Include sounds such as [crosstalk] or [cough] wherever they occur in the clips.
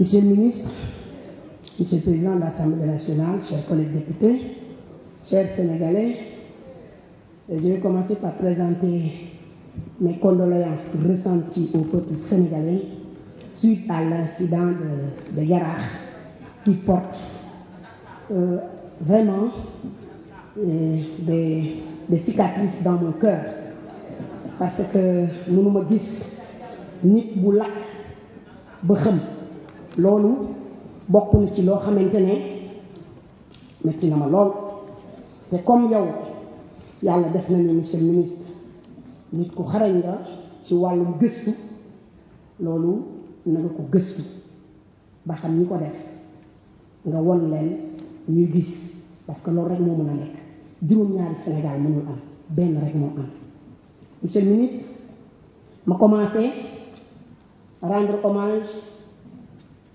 Monsieur le ministre, Monsieur le président de l'Assemblée nationale, chers collègues députés, chers Sénégalais, je vais commencer par présenter mes condoléances ressenties au peuple sénégalais suite à l'incident de, de qui porte euh, vraiment euh, des, cicatrices dans mon cœur parce que mënuma gis nit bu lakk ba loolu bokk na ci loo xamante ne metti na ma lool te comme yow yàlla def na ne monsieur le ministre nit ku xarañ nga ci wàllum gëstu loolu na ko gëstu ba xam ñi ko def nga won leen ñuy gis parce que loolu rek moo mun a nekk juróom-ñaari Sénégal mënul am benn rek moo am monsieur ministre ma commencé rendre hommage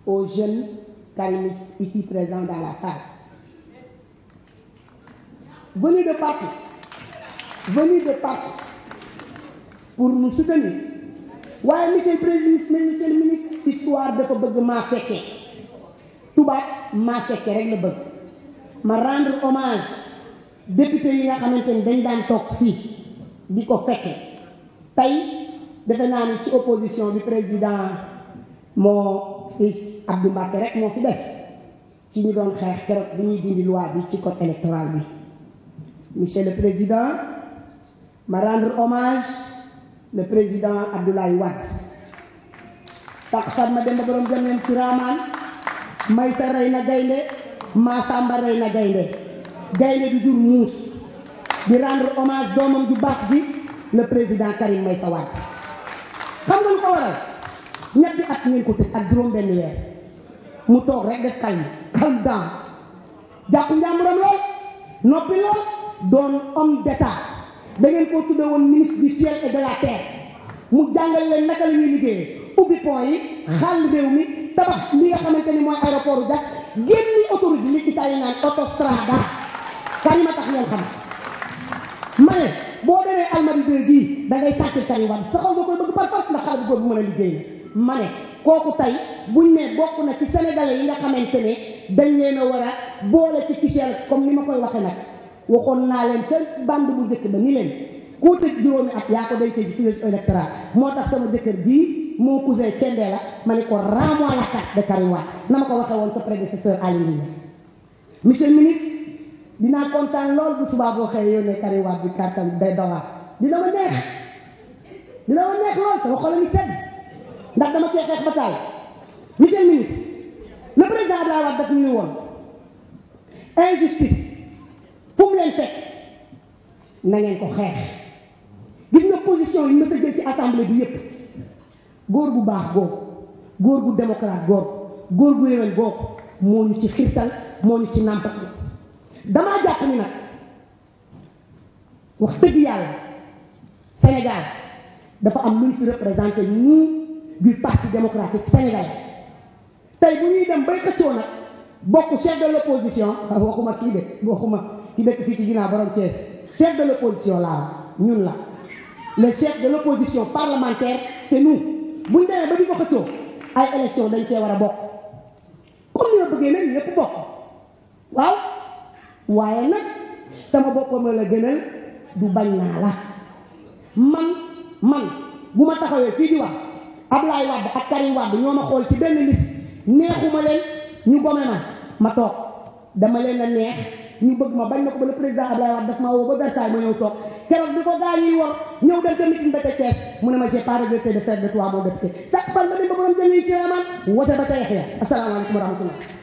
aux jeunes karimistes ici présents dans la salle. Venus de partout, venus de partout, pour nous soutenir. waaye monsieur président monsieur ministre histoire dafa bëgg maa fekke tubaab maa fekkee rek la bëgg ma rendre hommage député yi nga xamante ni dañ daan toog fii di ko fekkee tey defe naa ni ci opposition bi président moo is Abdou Mbacké rek moo fi des ci ñu doon xeex keroog bi ñuy dindi loi bi ci code électoral bi monsieur le président ma rendre hommage le président Abdoulaye Wade tax far ma demba borom jëm leen ci raamaan may sa rey na gaynde maa sàmba rey na gaynde gaynde du jur muus di rendre hommage doomam ju baax bi le président Karim Meïssa Wade xam nga lu ko waral ñetti at nañ ko tëj ak juróom benn weer mu toog rek def calme calme down jàpp njàmburam lool noppi lool doon homme d'état da ngeen koo tudde woon ministre du ciel la terre mu jàngal leen naka la ñuy liggéeyee ubbi pont yi xàll réew mi tabax li nga xamante ni mooy aéroport gas génni autostrada kani ma tax ngeen xam ma ne boo demee Almadies bii da ngay sàcc kani wan sa xaw nga koy bëgg par force ndax xale bu góor bu mën a liggéey ma ne kooku tey buñ ne bokk na ci sénégalais yi nga xamante ne dañ leen a war a boole ci fichier comme ni ma koy waxee nag waxoon naa leen ca bande bu njëkk ba ni leen ku tëj juróomi at yaa ko day tëj ci moo tax sama jëkkër bii moo cousin Thiendé la ma ne ko rends-moi la carte de Karim na ma ko waxee woon sa prédécesseur Aly Ngouille monsieur le ministre dinaa kontaan lool bu subaa boo xëyee yónnee Karim Wade bi kartam day dawaat dina ma neex dina ndax dama cee xeex ba taay ministre le président Abdoulaye Wade daf ñu woon injustice fu mu leen fekk na ngeen ko xeex gis nga position yi ma sa jël ci assemblée bi yépp góor bu baax googu góor bu démocrate googu góor bu yéwén googu moo ñu ci xirtal moo ñu ci nàmpat damaa jàpp ni nag wax dëgg yàlla Sénégal dafa am luñ fi représenté ñii du parti démocratique sénégalais tey bu ñuy dem bay xëccoo nag bokk chef de l'opposition [laughs] waxuma kii de waxuma ki dëkk fii ci ginnaaw borom Thiès chef de l'opposition laa ñun la le chef de l'opposition parlementaire se nous buñ demee ba di ko xëccoo ay élection dañ cee war a bokk comme ni ma bëggee nag ñëpp bokk waaw waaye nag sama boppam la gënal du bañ naa la man man bu ma taxawee fii di wax Ablaye Wade ak Karim Wade ñoo ma xool ci benn liste neexuma leen ñu gome ma ma toog dama leen a neex ñu bëgg ma bañ ma ko ba le président Ablaye Wade daf ma woo ba Versailles ma ñëw toog keroog bi ko gaa ñuy war ñëw dem tamit ñu bëgg a mu ne ma j'ai pas regretté de faire de toi mon député chaque fan ma dem ba borom dañuy cee man wote ba tey xëy asalaamaaleykum wa